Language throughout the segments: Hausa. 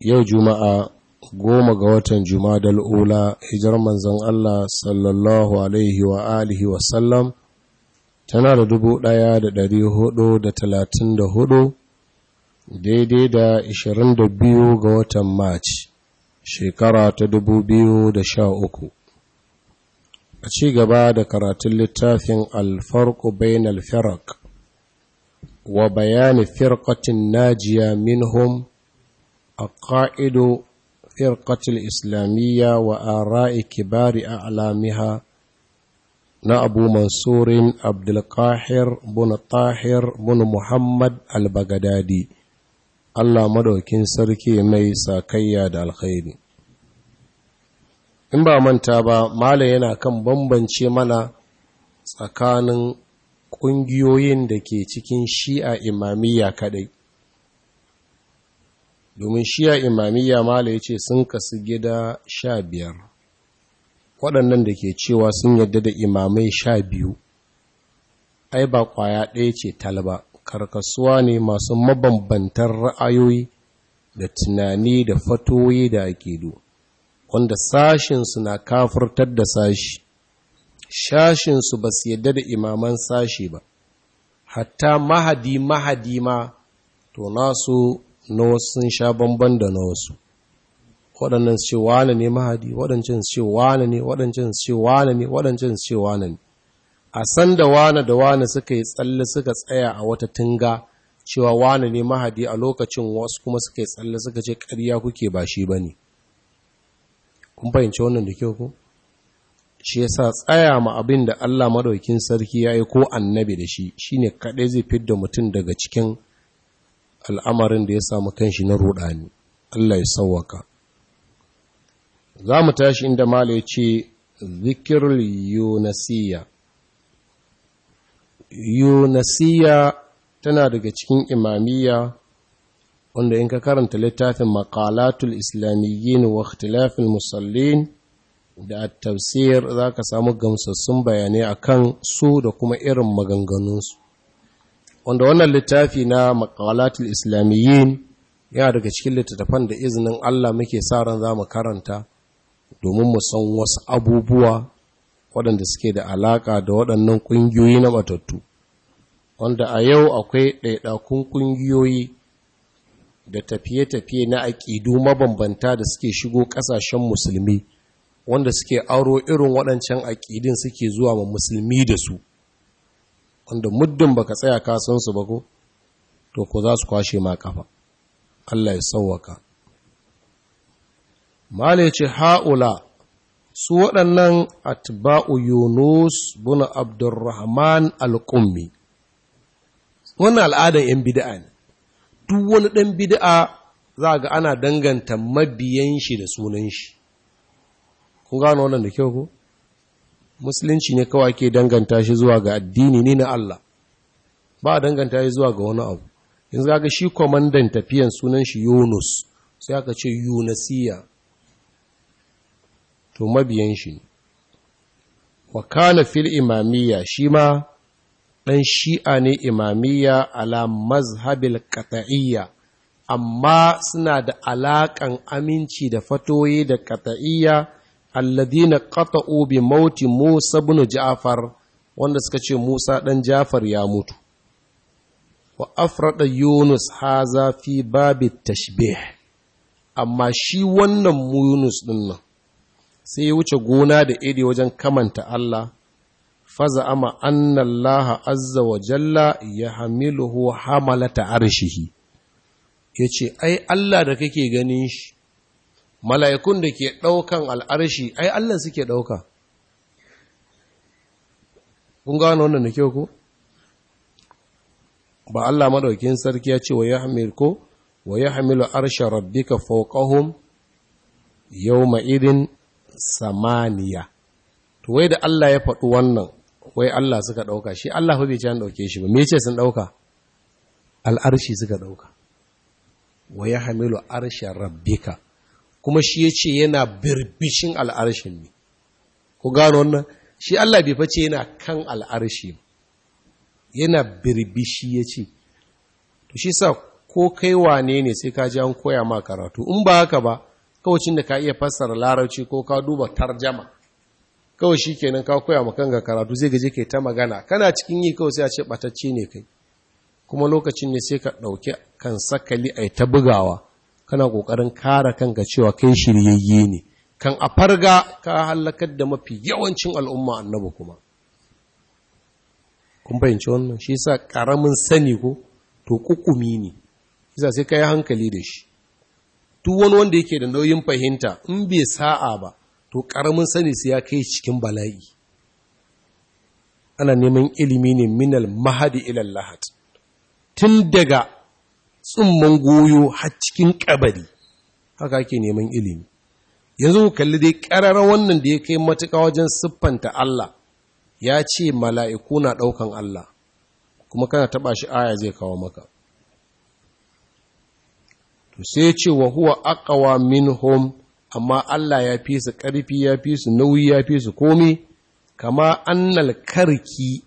yau juma'a goma ga watan jumadal ula hijar manzan Allah sallallahu alaihi wa alihi wasallam tana da dubu ɗaya da dari hudu da talatin da hudu daidai da ishirin da biyu ga watan Mac shekara ta dubu biyu da sha uku a ci gaba da karatun littafin alfarku bain alfirak wa bayani firkatin najiya minhum A أقائد فرقة الإسلامية وآراء كبار أعلامها نأبو منصور عبد القاهر بن طاهر بن محمد alba'gadadi, Allah madaukin sarki mai sakayya da alkhairi in ba a manta ba malam yana kan bambance mana tsakanin ƙungiyoyin da ke cikin shi'a imamiyya kaɗai. domin shiya imamiyya mala ya ce sun kasu gida sha biyar waɗannan da ke cewa sun yadda da imamai sha biyu ai ba kwaya ɗaya ce talaba. karkasuwa ne masu mabambantan ra'ayoyi da tunani da fatoyi da akidu wanda sashinsu na kafurtar da sashi sashinsu ba su yadda da imaman sashi ba hatta mahadi mahadi ma to nasu na wasu sun sha bamban da na wasu waɗannan ce wane ne mahadi waɗancan ce wane ne waɗancan ce wane ne waɗancan ce wane ne a san da wane da wane suka yi tsalle suka tsaya a wata tunga cewa wane ne mahadi a lokacin wasu kuma suka yi tsalle suka ce ƙarya kuke ba shi ba ne kun fahimci wannan da kyau ku shi yasa tsaya ma abin da Allah madaukin sarki ya yi ko annabi da shi shine kaɗai zai fidda mutum daga cikin al'amarin da ya samu kanshi na ruɗani Allah ya sauwaka za mu tashi inda mala ya ce zikirul yunasiya yunasiya tana daga cikin imamiya wanda in ka karanta littafin maƙalatul islamiyyin wa ikhtilafil musallin da tafsir za ka samu gamsassun bayanai akan su da kuma irin maganganunsu wanda wannan littafi na maqalatul islamiyyin yana daga cikin littattafan da izinin Allah muke sa ran za mu karanta domin mu san wasu abubuwa waɗanda suke da alaƙa da waɗannan ƙungiyoyi na matattu wanda a yau akwai ɗaiɗakun ƙungiyoyi da tafiye-tafiye na aƙidu mabambanta da suke shigo ƙasashen musulmi wanda suke aro irin waɗancan aƙidin suke zuwa ma musulmi da su wanda muddin baka tsaya ka san su ba ko to ko za su kwashe ma kafa Allah ya sauwaka mala ce haula su waɗannan atba'u yunus bin abdurrahman al-qummi wannan al'adan yan bid'a ne duk wani ɗan bid'a za ga ana danganta mabiyan shi da sunan shi kun gano wannan da kyau ko musulunci ne kawai ke danganta shi zuwa ga addini ne na Allah ba a danganta shi zuwa ga wani abu yanzu kaga shi kwamandan tafiyan sunan shi Yunus sai aka ce Yunasiya to mabiyan shi wa kana fil imamiyya shi ma dan shi'a ne imamiyya ala mazhabil qat'iyya amma suna da alakan aminci da fatoyi da qat'iyya alladina qata'u bi mauti Musa ibn Ja'far wanda suka ce Musa dan Ja'far ya mutu wa afrada Yunus haza fi babi tashbih amma shi wannan Yunus din nan sai ya wuce gona da iri wajen kamanta Allah faza ama anna Allah azza wa jalla ya hamiluhu hamalata arshihi yace ai Allah da kake ganin shi mala'ikun da ke ɗaukan al'arshi ai Allah suke ɗauka kun gano wannan da kyau ku? ba Allah maɗaukin sarki ya ce wa ya hamil ko wa ya hamilu arsha rabbika fauƙahun yau ma’irin samaniya to wai da Allah ya faɗi wannan wai Allah suka ɗauka shi Allah bai can ɗauke shi ba me ce sun ɗauka al'arshi suka ɗauka wa ya hamilu arsha rabbika kuma shi ya ce yana birbishin al'arshin ne ku gano wannan shi Allah bai face yana kan al'arshi yana birbishi ya ce to shi sa ko kai wane ne sai ka ji an koya ma karatu in ba haka ba kawacin da ka iya fassara larauci ko ka duba tarjama kawai shi kenan ka koya ma ga karatu zai gaje kai ta magana kana cikin yi kawai sai a ce batacce ne kai kuma lokacin ne sai ka ɗauki kan sakali a ta bugawa kana kokarin kare kanka cewa kai shiryayye ne kan a farga ka halakar da mafi yawancin al'umma annabi kuma kun fahimci wannan shi sa karamin sani ko to kukumi ne shi sa sai ka yi hankali da shi duk wani wanda yake da nauyin fahimta in bai sa'a ba to karamin sani sai ya kai cikin bala'i ana neman ilimi ne minal mahadi ilal lahat tun daga tsumman goyo har cikin kabari haka ake neman ilimi yanzu ku kalli dai ƙarar wannan da ya kai matuka wajen siffanta Allah ya ce mala'iku na ɗaukan Allah kuma kana taɓa shi aya zai kawo maka to sai ce wa huwa aqwa minhum amma Allah ya fi su ƙarfi ya fi su nauyi ya fi su komai kama annal karki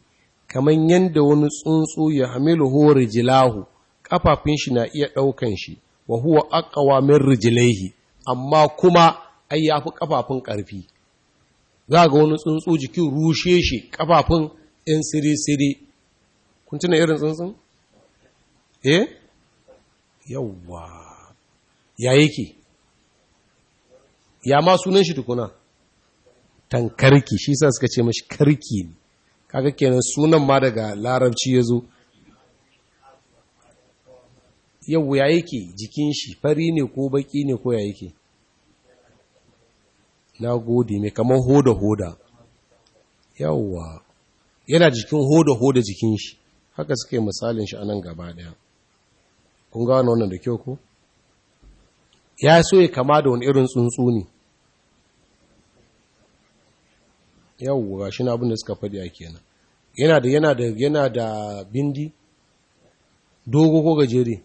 kaman yanda wani tsuntsu ya hamilu hori jilahu kafafin shi na iya ɗaukan shi wa huwa aqwa min rijlaihi amma kuma ai yafi kafafun ƙarfi za ga wani tsuntsu jikin rushe shi kafafun in siri-siri kun tuna irin tsuntsun eh yawwa ya yake ya ma sunan shi tukuna tankarki shi sa suka ce mashi karki ne kaga kenan sunan ma daga larabci ya zo yau ya yake jikin shi fari ne ko baki ne ko ya yake na gode mai kamar hoda-hoda yawwa yana jikin hoda-hoda jikin shi haka suka yi misalin shi a nan gaba daya kun gano wannan da kyau ko ya so ya kama da wani irin tsuntsu ne yawwa ga shi na abin da suka faɗi a kenan yana da yana da yana da bindi dogo ko gajere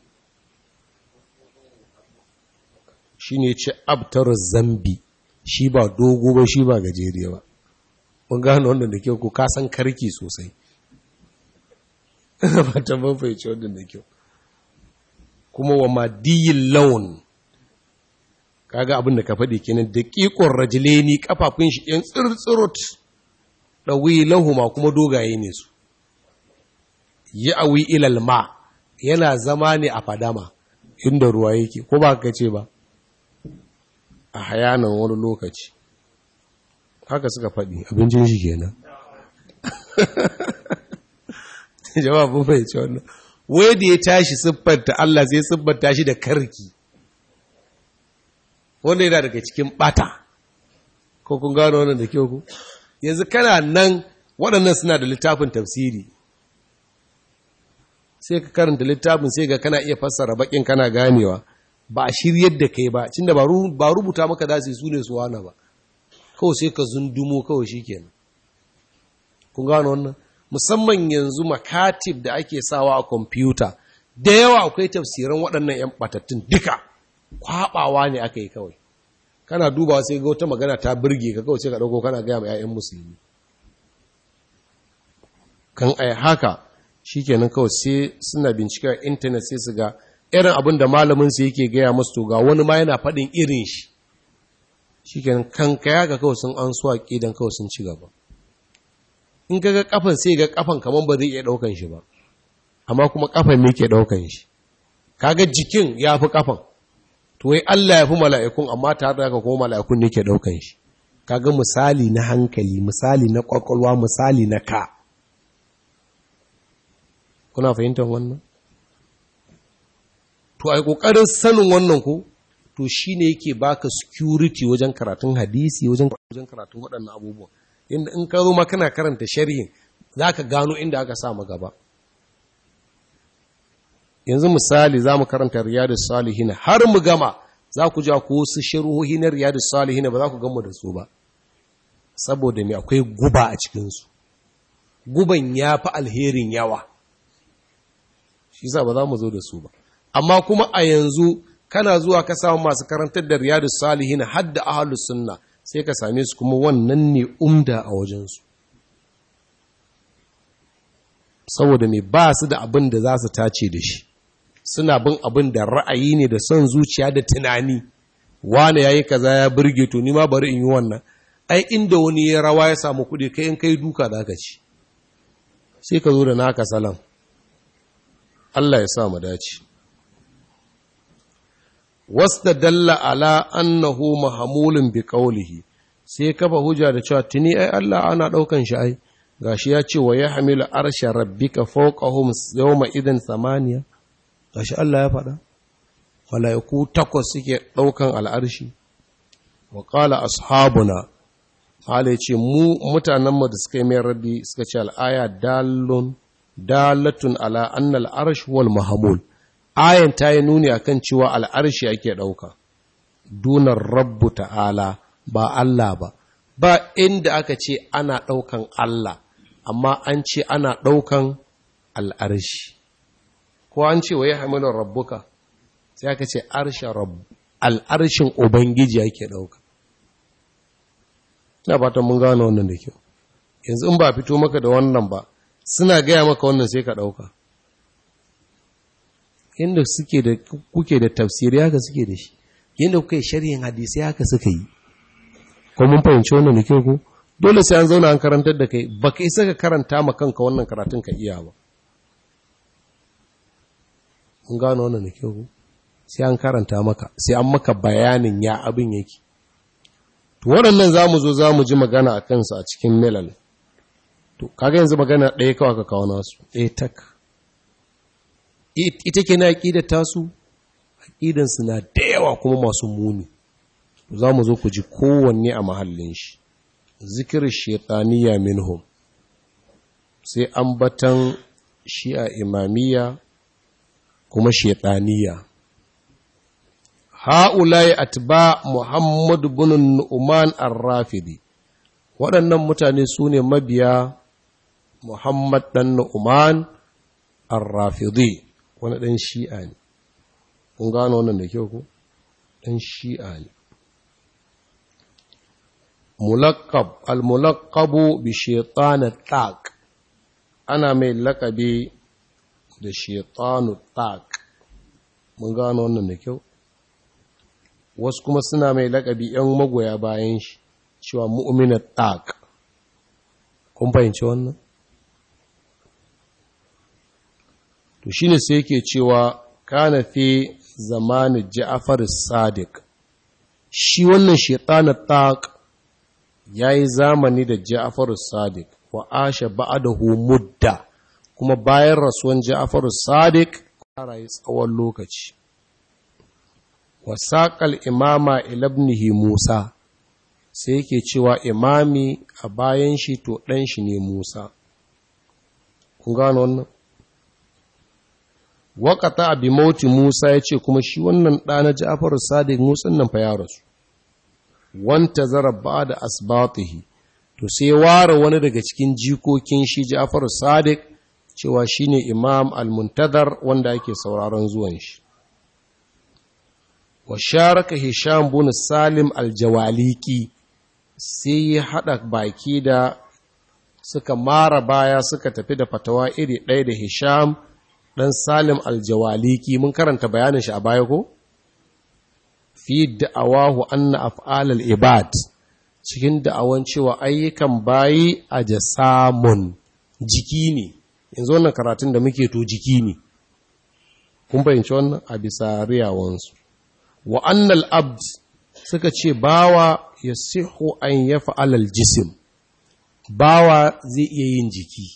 shi ne ce abtar zambi shi ba dogo ba shi ba gajeriya ba mun gano wanda da kyau ko ka karki sosai ba ta mafaice wanda da kyau kuma wa madiyin laun kaga abin da ka faɗi kenan da ƙiƙon rajileni kafafun shi ɗin tsirtsirut ɗawi lahuma kuma dogaye ne su yi awi ilal ma yana zama ne a fadama inda ruwa yake ko ba ka ce ba a hayanan wani lokaci haka suka faɗi abincin shi kenan jawabin fahimci wannan wai da ya tashi siffanta Allah sai siffanta shi da karki wanda yana daga cikin bata ko kun gano wannan da kyau ku yanzu kana nan waɗannan suna da littafin tafsiri sai ka karanta littafin sai ga kana iya fassara bakin kana ganewa ba a shiryar da kai ba cinda ba rubuta maka za su yi su ne su wana ba kawai sai ka zundumo kawai shi kenan kun gano wannan musamman yanzu makatib da ake sawa a kwamfuta da yawa akwai tafsiran waɗannan 'yan batattun duka kwaɓawa ne aka yi kawai kana dubawa sai ga wata magana ta birge ka kawai sai ka ɗauko kana gaya ma 'ya'yan musulmi kan ai haka shikenan kawai sai suna bincike a intanet sai su ga irin abin da malaminsu yake gaya musu to ga wani ma yana faɗin irin shi shi kenan kankaya ga kawai sun an suwa ƙidan kawai sun ci gaba in ka ga kafan sai ga kafan kamar ba zai iya ɗaukan shi ba amma kuma kafan ne ke ɗaukan shi kaga jikin ya fi kafan to wai Allah ya fi mala'ikun amma tare da kuma mala'ikun ne ke ɗaukan shi ga misali na hankali misali na ƙwaƙwalwa misali na ka kuna fahimtar wannan to ai kokarin sanin wannan ko to ne yake baka security wajen karatun hadisi wajen karatun waɗannan abubuwa inda in ka zo ma kana karanta sharhin ka gano inda aka sa gaba yanzu misali za mu karanta riyadus salihin har mu gama za ku ja ku su sharhohi na riyadus salihin ba za ku gama da su ba saboda me akwai guba a cikinsu guban ya fi alherin yawa shi sa ba za mu zo da su ba amma kuma a yanzu kana zuwa ka samu masu karantar da riyadu salihin hadda ahlus sunna sai ka same su kuma wannan ne umda a wajensu saboda mai ba su da abin da za su tace da shi suna bin abin da ra'ayi ne da son zuciya da tunani wane yayi kaza ya birge to ni ma bari in yi wannan ai inda wani ya rawa ya samu kuɗi kai in kai duka za ka ci sai ka zo da naka salam Allah ya sa mu dace wasta dalla ala annahu mahamulun bi qawlihi sai kafa hujja da cewa tuni ai Allah ana daukan shi ai gashi ya ce wa yahmilu arsha rabbika fawqahum yawma idhin samaniya gashi Allah ya faɗa malaiku takwas suke daukan al'arshi wa qala ashabuna hale ce mu mutanen mu da suka yi mai rabbi suka ce al'aya dalun dalatun ala annal arsh wal mahamul ayan ta yi nuni a kan cewa al'arshi ake ɗauka dunar rabbu ta'ala ba Allah ba ba inda aka ce ana ɗaukan Allah amma an ce ana ɗaukan al'arshi ko an ce wa yi rabbuka sai aka ce al'arshin ubangiji ake ɗauka na ba ta mun gano wannan da kyau yanzu in ba fito maka da wannan ba suna gaya maka wannan sai ka ɗauka inda suke da kuke da tafsiri haka suke da shi yadda kuke shari'in hadisi haka suka yi ko mun fahimci wannan ke ku dole sai an zauna an karantar da kai ba kai saka karanta ma kanka wannan karatun ka iya ba Mun gano wannan ke ku sai an karanta maka sai an maka bayanin ya abin yake to waɗannan za mu zo za mu ji magana a kansu a cikin melal to kaga yanzu magana ɗaya kawai ka kawo nasu ɗaya tak ita ke na da tasu aƙidansu na da yawa kuma masu muni za mu zo ku ji kowanne a mahallin shi zikirin shaitaniya minhum sai an ambatan a imamiya kuma shaitaniya ha'ulai atba muhammadu bin nu'man ar-rafidi waɗannan mutane su ne mabiya muhammad ɗan nu'man ar-rafidi wani ɗan shi'a ne kun gano wannan da kyau ku ɗan shi'a ne mulakab al-mulakabu bi shaitanu taq ana mai lakabi da shaitanu taq mun gano wannan da kyau wasu kuma suna mai lakabi 'yan magoya bayan shi cewa mu'minat taq kun fahimci wannan to shi ne sai yake cewa kana fi zamani ja'afar sadiq shi wannan shaitanin taq ya yi zamani da ja'afar sadiq wa asha da mudda kuma bayan rasuwan ja'afar sadiq ya yi tsawon lokaci wa imama ilabnihi musa sai yake cewa imami a bayan shi to ɗan shi ne musa kun gano wannan waƙata a bimauti musa ya ce kuma shi wannan ɗana na ja'afar sadiq musan nan fa ya rasu wanta zara ba da asbatihi to sai ware wani daga cikin jikokin shi ja'afar sadiq cewa shine imam al muntazar wanda ake sauraron zuwan shi wa sharaka hisham bin salim al-jawaliki sai ya hada baki da suka mara baya suka tafi da fatawa iri ɗaya da hisham ɗan salim aljawaliki mun karanta bayanin shi a baya ko fi da'awahu anna af'alal ibad cikin da'awan cewa ayyukan bayi a jasamun jiki ne zo wannan karatun da muke to jiki ne kun bayanci wannan a bisa riyawansu wa annal abd suka ce bawa ya siho an ya fa'alal jisim bawa zai iya yin jiki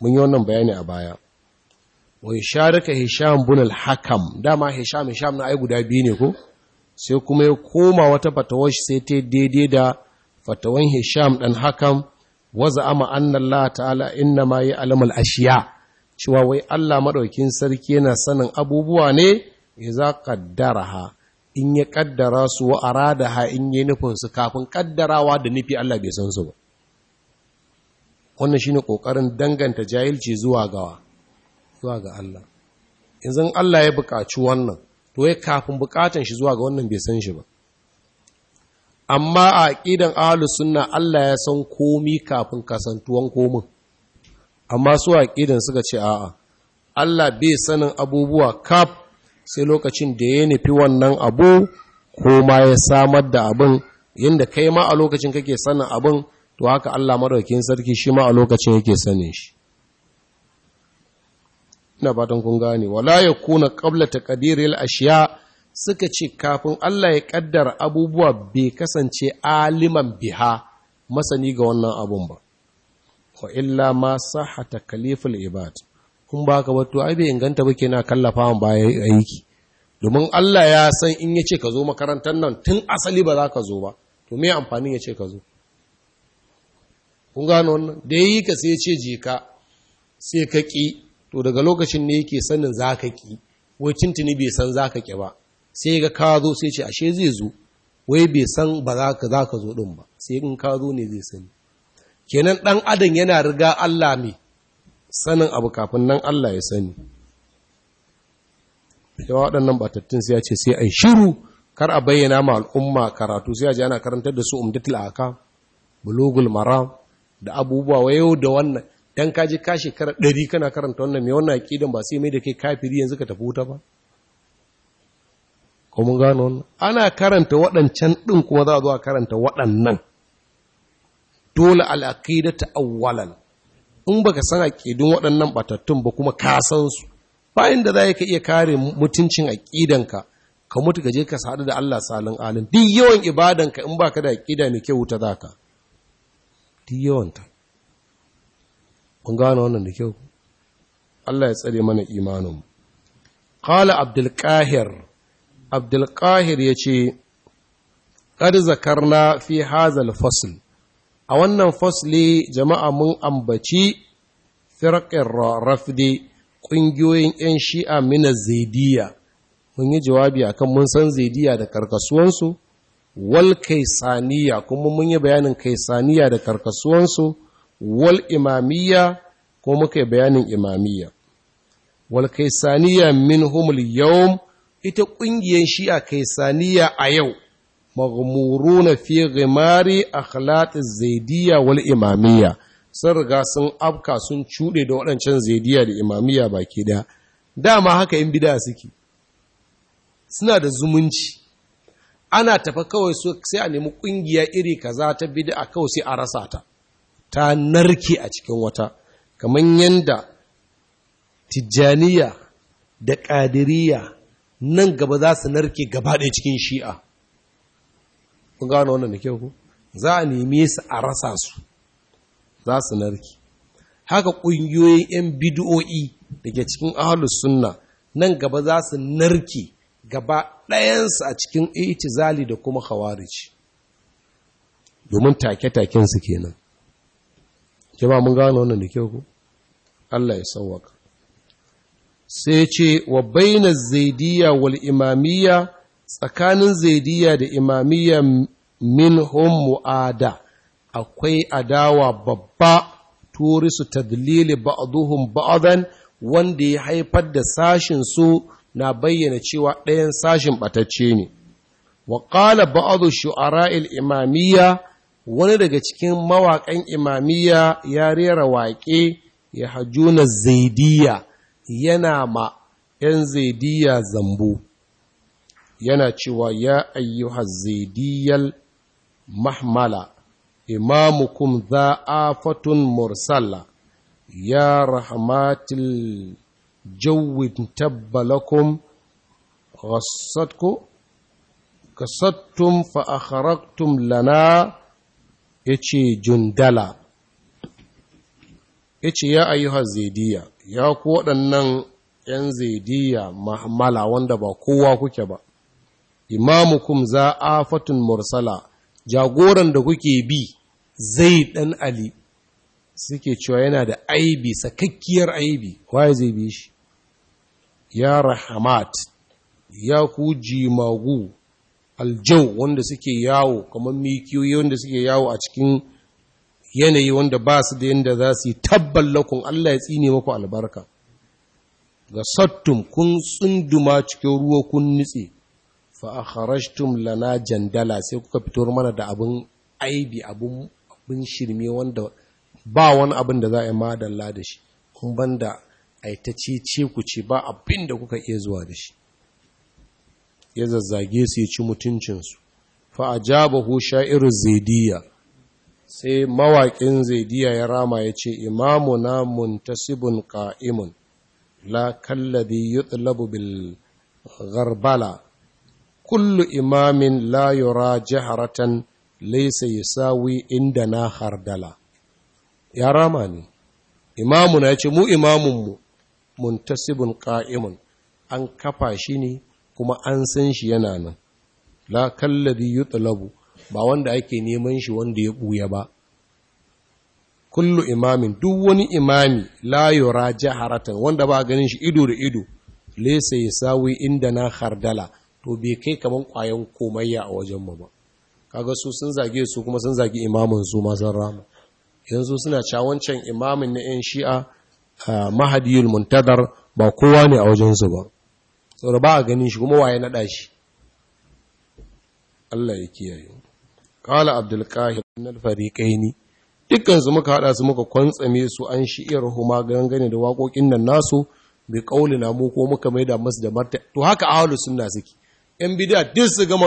mun yi wannan bayani a baya Wai sharika hisham bin al-hakam dama hisham hisham na ai guda biyu ne ko sai kuma ya koma wata shi sai ta daidai da fatawan hisham dan hakam waza ama anna Allah ta'ala inna ma ya'lamu al-ashiya cewa wai Allah madaukin sarki yana sanin abubuwa ne idza qaddaraha in ya kaddara su wa aradaha in yi nufin su kafin kaddarawa da nufi Allah bai san su ba wannan shine kokarin danganta jahilci zuwa gawa zuwa ga Allah yanzu Allah ya buƙaci wannan to ya kafin buƙatan shi zuwa ga wannan bai san shi ba amma a ƙidan ahalus sunna Allah ya san komi kafin kasantuwan komin amma su a ƙidan suka ce a'a Allah bai sanin abubuwa kaf sai lokacin da ya nufi wannan abu ko ma ya samar da abin yadda kai ma a lokacin kake sanin abin to haka Allah madaukakin sarki shi ma a lokacin yake sanin shi ina fatan kun gane wala ya yakuna qabla taqdiril ashiya suka ce kafin Allah ya kaddara abubuwa bai kasance aliman biha masani ga wannan abun ba wa illa ma saha takliful ibad kun ba ka wato ai bai inganta ba kina kallafa ba baya aiki domin Allah ya san in yace ka zo makarantar nan tun asali ba za ka zo ba to me amfani yace ka zo kun gano wannan da ka sai ce je ka sai ka ki to daga lokacin ne yake sanin za ka ki wai tuntuni bai san za ka ki ba sai ga ka zo sai ce ashe zai zo wai bai san ba za ka za zo ɗin ba sai in ka zo ne zai sani kenan ɗan adam yana riga Allah mai sanin abu kafin nan Allah ya sani yawa waɗannan batattun sai ya ce sai a shiru kar a bayyana ma al'umma karatu sai ya ji ana karantar da su umdatul aka bulugul maram da abubuwa wayo da wannan dan ka ka shekara ɗari kana karanta wannan mai wannan aqidan ba sai mai da kai kafiri yanzu ka tafi wuta ba Kuma gano wannan ana karanta waɗancan ɗin kuma za a zo karanta waɗannan dole ta awwalan in ba ka san aqidun waɗannan batattun ba kuma ka san su bayan da za ka iya kare mutuncin aƙidanka ka mutu ka je ka sadu da Allah salin alin duk yawan ibadanka in ba ka da aqida mai kyau ta ka, duk yawanta kun gano wannan da kyau Allah ya tsare mana imanin qala abdul qahir abdul qahir yace qad zakarna fi hazal fasl a wannan fasli jama'a mun ambaci firqir rafdi ƙungiyoyin 'yan shi'a mina zaidiya mun yi jawabi akan mun san zaidiya da karkasuwansu wal kaisaniya kuma mun yi bayanin kaisaniya da karkasuwansu wal imamiyya ko muka yi bayanin imamiyya wal kaisaniya min humul yawm ita ƙungiyar shi'a kaisaniya a yau na fi gimari akhlaq az-zaidiyya wal imamiyya sun riga sun afka sun cuɗe da waɗancan zaidiyya da imamiyya baki ɗaya dama haka in bida suke suna da zumunci ana tafa kawai sai a nemi ƙungiya iri kaza ta bida kawai sai a rasa ta ta narke a cikin wata kamar yadda tijjaniya da ƙadiriya nan gaba za su narke gaba ɗaya cikin shi'a ku gano wannan da kyau ku za a neme su a rasa su za su narke haka ƙungiyoyin 'yan bid'o'i da ke cikin ahalus sunna nan gaba za su narke gaba ɗayansu a cikin itizali da kuma hawarici domin take taken su kenan jama mun gano wannan da kyau ku Allah ya sauwaka sai ce wa baina zaidiya wal imamiyya tsakanin zaidiya da imamiyya min hum mu'ada akwai adawa babba turisu tadlili ba'duhum ba'dan wanda ya haifar da sashin su na bayyana cewa ɗayan sashin batacce ne wa qala ba'du shu'ara'il imamiyya wani daga cikin mawaƙan imamiya ya rera waƙe ya hajjuna zaidiya yana ma ‘yan zaidiya zambo yana cewa ya ayyuhar zaidiyar mahmala imamukum fatun mursala ya rahmatil jawin tabbalakum gasatku gasattum fa fa’akharaktun lana ya ce jundala ya ce ya ayyuhar zaidiya ya ku waɗannan ‘yan zaidiya mahmala wanda ba kowa kuke ba imamukum za a fatun mursala jagoran da kuke bi zai ɗan ali suke cewa yana da aibi sakakkiyar aibi waye zai bi shi ya rahamat ya ku jimagu aljau wanda suke yawo kamar mikiyoyi wanda suke yawo a cikin yanayi wanda ba su da yadda za su yi tabballakun Allah ya tsine maku albarka ga sattum kun tsunduma cikin ruwa kun nitse fa akharajtum lana jandala sai kuka fitar mana da abin aibi abin shirme wanda ba wani abin da za a yi madalla da shi kun banda aitace ce ku ce ba abin da kuka iya zuwa da shi ya zazzage su ya ci mutuncinsu fa ajabahu sha'iru zaidiya sai mawaƙin zaidiya ya rama ya ce imamuna muntasibun ƙa'imun la kallabi yutlabu bil gharbala kullu imamin la yura yi laysa inda na hardala ya rama ne imamuna ya ce mu imamunmu muntasibun ƙa'imun an kafa shi ne kuma an san shi yana nan la kalladhi yutlabu ba wanda ake neman shi wanda ya buya ba kullu imamin duk wani imami la yuraja haratan wanda ba ganin shi ido da ido laysa yasawi inda na khardala to bai kai kaman kwayan komayya a wajen mu ba kaga su sun zage su kuma sun zage imamin su ma san rama yanzu suna cawancan imamin na yan shi'a mahadiyul muntadar ba kowa ne a wajen su ba saboda ba a ganin shi kuma waye na shi Allah ya kiyaye qala abdul qahir innal fariqaini dukkan su muka hada su muka kwantsame su an shi'ir huma gangane da waƙoƙin nan nasu bi qaulina mu ko muka maida masu da marta to haka ahlus sunna suke yan bid'a duk su gama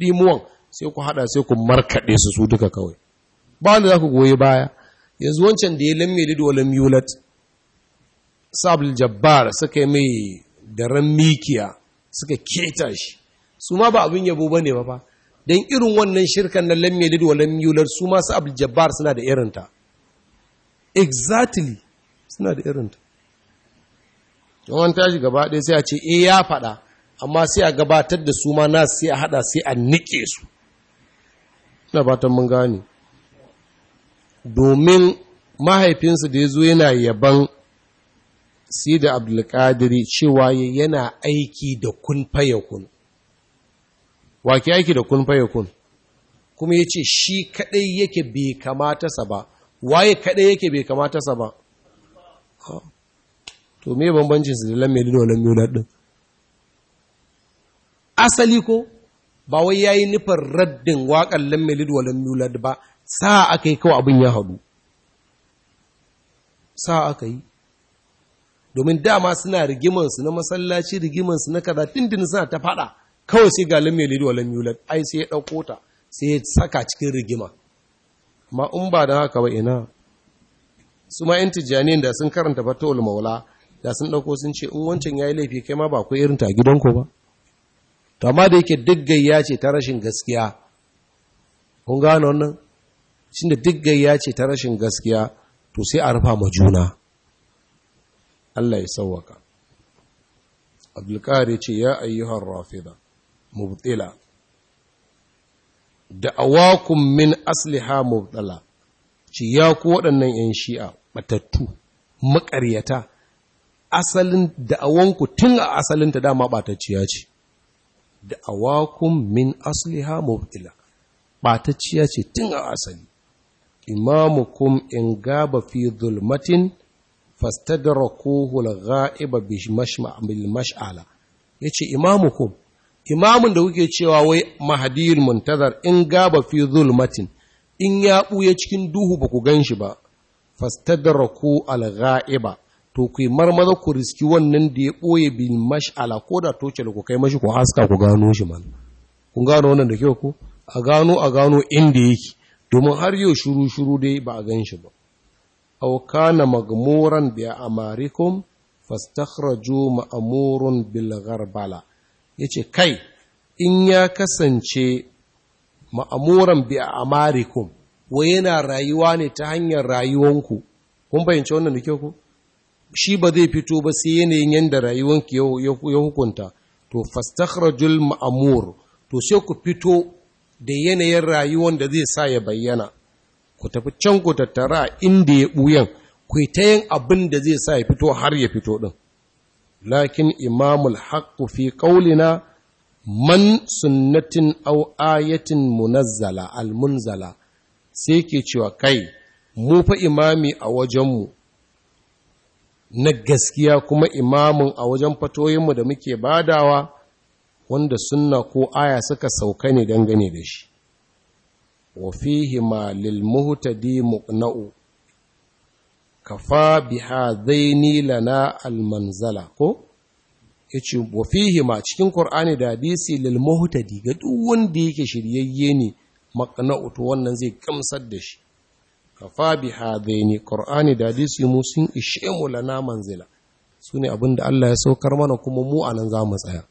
dimuwan sai ku haɗa sai ku markaɗe su su duka kawai ba wanda za ku goyi baya yanzu wancan da ya lamme da walam yulat sabul jabbar suka mai da ran mikiya suka keta shi su ma ba abin yabo ba ne ba fa Don irin wannan shirkan na lamme da wa lam su ma su abu jabbar suna da irinta exactly suna da irinta don wani tashi gaba ɗaya sai a ce eh ya faɗa amma sai a gabatar da su ma na sai a haɗa sai a nike su ina batan mun gane domin mahaifinsu da ya zo yana yaban Sida da abdulkadiri cewa yana aiki da kun fayakun wa ke aiki da kun fayakun kuma ya ce shi kaɗai yake bai kamata sa ba waye kaɗai yake bai kamata sa ba to me bambancin su da lamme da wannan miyola din asali ko ba wai ya yi nufin raddin waƙan lamme da wannan miyola ba sa aka yi kawai abin ya haɗu sa aka yi domin dama suna rigimansu na masallaci rigimansu na kaza dindin suna ta faɗa kawai sai ga lamme lidu wa lamme ai sai ya ɗauko ta sai ya saka cikin rigima Amma in ba da haka ba ina su ma 'yan da sun karanta fatawul maula da sun ɗauko sun ce in wancan ya yi laifi kai ma ba ku irin ta gidanku ba to amma da yake duk gayya ce ta rashin gaskiya kun gano wannan Shin da duk gayya ce ta rashin gaskiya to sai a rufa ma juna Allah ya sawwaka abdulkar ce ya ayyuhar rafida mubtila da awakun min asliha mubtala ce ya ku waɗannan 'yan shi'a batattu maƙaryata asalin da'awanku tun a ta dama ɓatacciya ce da'awakun min asliha mubtila ɓatacciya ce tun a asali imamukum in gaba fi zulmatin fastadrakuhu al-gha'iba bi mash'ala yace imamukum imamun da kuke cewa wai mahdiyul muntazar in gaba fi zulmatin in ya buye cikin duhu ba ku ganshi ba fastadraku al-gha'iba to ku marmaza ku riski wannan da ya boye bil mash'ala ko da toce ku kai mashi ku haska ku gano shi man kun gano wannan da kyau ku a gano a gano inda yake domin har yau shuru shuru dai ba a ganshi ba aw kana magmuran bi amarikum fastakhraju ma'murun bil gharbala yace kai in ya kasance ma'amuran bi amarikum wai yana rayuwa ne ta hanyar rayuwanku kun bayyance wannan da kyau ku shi ba zai fito ba sai yanayin yanda rayuwanki ya hukunta to fastakhrajul ma'amur to sai ku fito da yanayin rayuwan da zai sa ya bayyana ku tafi can ku tattara inda ya buyan ku ta yin abin da zai sa ya fito har ya fito ɗin lakin imamul haqqu fi ƙaulina man sunnatin au ayatin munazzala almunzala sai ke cewa kai mu fa imami a wajenmu na gaskiya kuma imamun a wajen fatoyinmu da muke badawa wanda sunna ko aya suka sauka ne dangane da shi wa fihima lil muhtadi muqna'u kafa bi hadaini ko yace wa ma cikin qur'ani da hadisi lil muhtadi ga duk wanda yake shiryayye ne makna'u to wannan zai gamsar da shi kafa bi hadaini qur'ani da hadisi mu sun ishe mu lana manzila sune da Allah ya saukar mana kuma mu anan zamu tsaya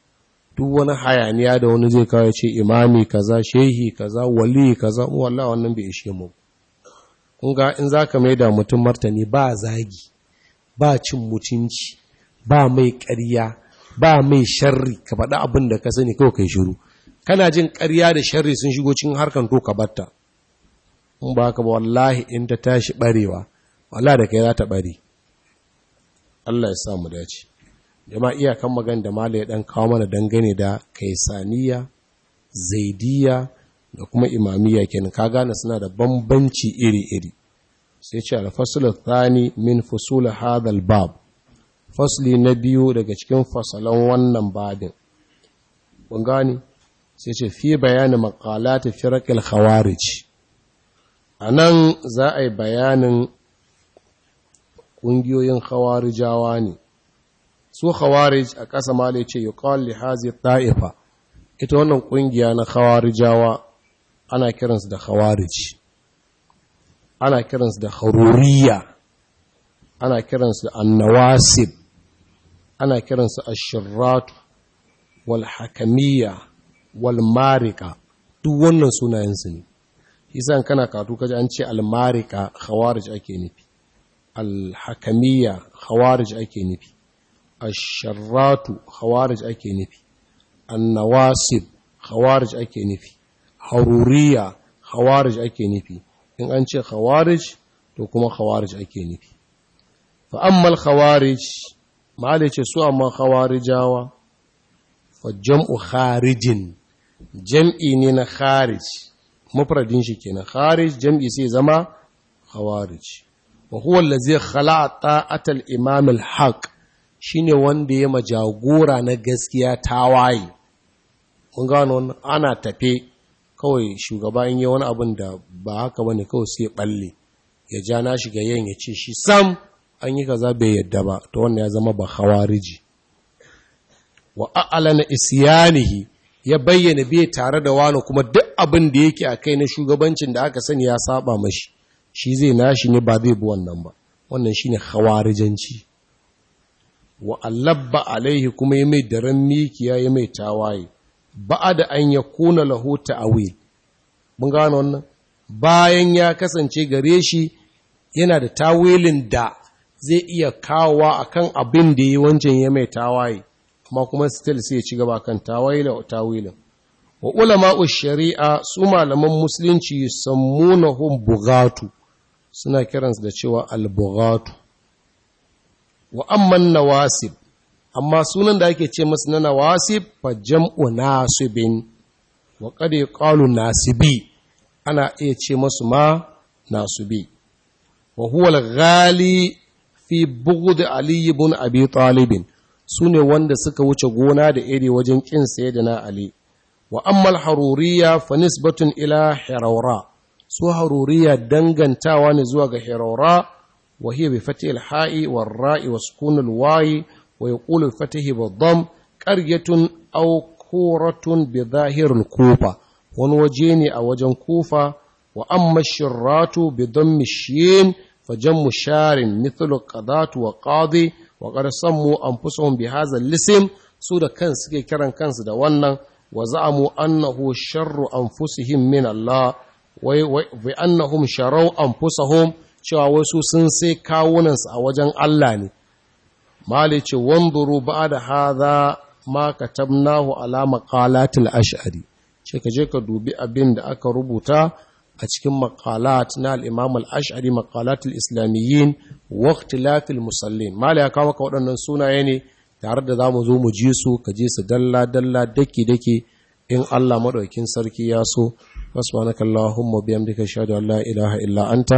duk wani hayaniya da wani zai kawo ce imami kaza shehi kaza wali kaza wallahi wannan bai ishe mu kun in in zaka mai da mutum martani ba zagi ba cin mutunci ba mai ƙarya ba mai sharri ka faɗa abin da ka sani kawai kai shiru kana jin ƙarya da sharri sun shigo cikin harkan to ka batta in ba ka ba wallahi in ta tashi barewa wallahi da kai za ta bare Allah ya sa mu dace jama iyakan magan da mala ya dan kawo mana dangane da kaisaniya zaidiya da kuma imamiya kenan ka gane suna da bambanci iri-iri sai ce al-fasl thani min fusul hadal bab fasli na biyu daga cikin fasalan wannan babin kun gane sai ce fi bayani maqalat al khawarij anan za a yi bayanin ƙungiyoyin khawarijawa ne su khawarij a ƙasa ma ce yi ƙwalli hazi ta'ifa ita wannan ƙungiya na khawarijawa ana kiransu da khawarij ana kiransu da haruriya ana kiransu da annawasib ana kiransu ashirratu wal hakamiyya wal marika duk wannan sunayensu ne isan kana katu kaji an ce almarika khawarij ake nufi alhakamiya khawarij ake nufi asharratu khawarij ake nufi annawasib khawarij ake nufi haruriya khawarij ake nufi in an ce khawarij to kuma khawarij ake nufi fa ammal khawarij ce su amma khawarijawa fa jam'u kharijin jam'i ne na kharij mufradin shi kenan kharij jam'i sai zama khawarij wa huwa allazi khala'a ta'atal imam al-haq shine wanda ya majagora na gaskiya tawaye mun gano wannan ana tafe kawai shugaba in yi wani abin da ba haka bane kawai sai balle ya ja na shiga yayin ya ce shi sam an yi kaza bai yadda ba ta wannan ya zama ba hawariji wa a'lana isyanihi ya bayyana bai tare da wani kuma duk abin da yake a kai na shugabancin da aka sani ya saba mashi shi zai nashi ne ba zai bi wannan ba wannan shine hawarijanci wa allabba alaihi kuma ya mai daren mikiya ya mai tawaye ba'a da an ya kuna a ta'awil mun gano wannan bayan ya kasance gare shi yana da tawilin da zai iya kawowa akan abin da yi wancan ya mai tawaye amma kuma still sai ya ci gaba kan da tawilin wa ulama'u shari'a su malaman musulunci sammunahum bugatu suna kiransu da cewa al albugatu wa amman nawasib amma sunan da ake ce masu na nawasib fa jam'u nasibin wa qad nasibi ana iya ce masu ma nasubi wa huwa al-ghali fi bughd ali ibn abi talib sune wanda suka wuce gona da iri wajen kin na ali wa amma haruriya haruriyya fa nisbatun ila Hiraura, su haruriya dangantawa ne zuwa ga Hiraura. وهي بفتح الحاء والراء وسكون الواي ويقول بفتح بالضم قرية أو كورة بظاهر الكوفة ونوجيني أوجن كوفة وأما الشرات بضم الشين فجم شار مثل قضاة وقاضي وقد سموا أنفسهم بهذا الاسم سودا كان سكي كران كان سدا وانا وزعموا أنه شر أنفسهم من الله وأنهم شروا أنفسهم cewa wasu sun sai kawunansu a wajen Allah ne mali ce wanzuru ba da haza ma katabnahu ala maqalatil ash'ari ce ka je ka dubi abin da aka rubuta a cikin maqalat na al ashari maqalatul islamiyyin wa ikhtilafil musallin mali ya kawo ka waɗannan sunaye ne tare da zamu zo mu ji su ka je su dalla dalla daki-daki. in Allah maɗaukin sarki ya so subhanakallahumma biyan ashhadu an la ilaha illa anta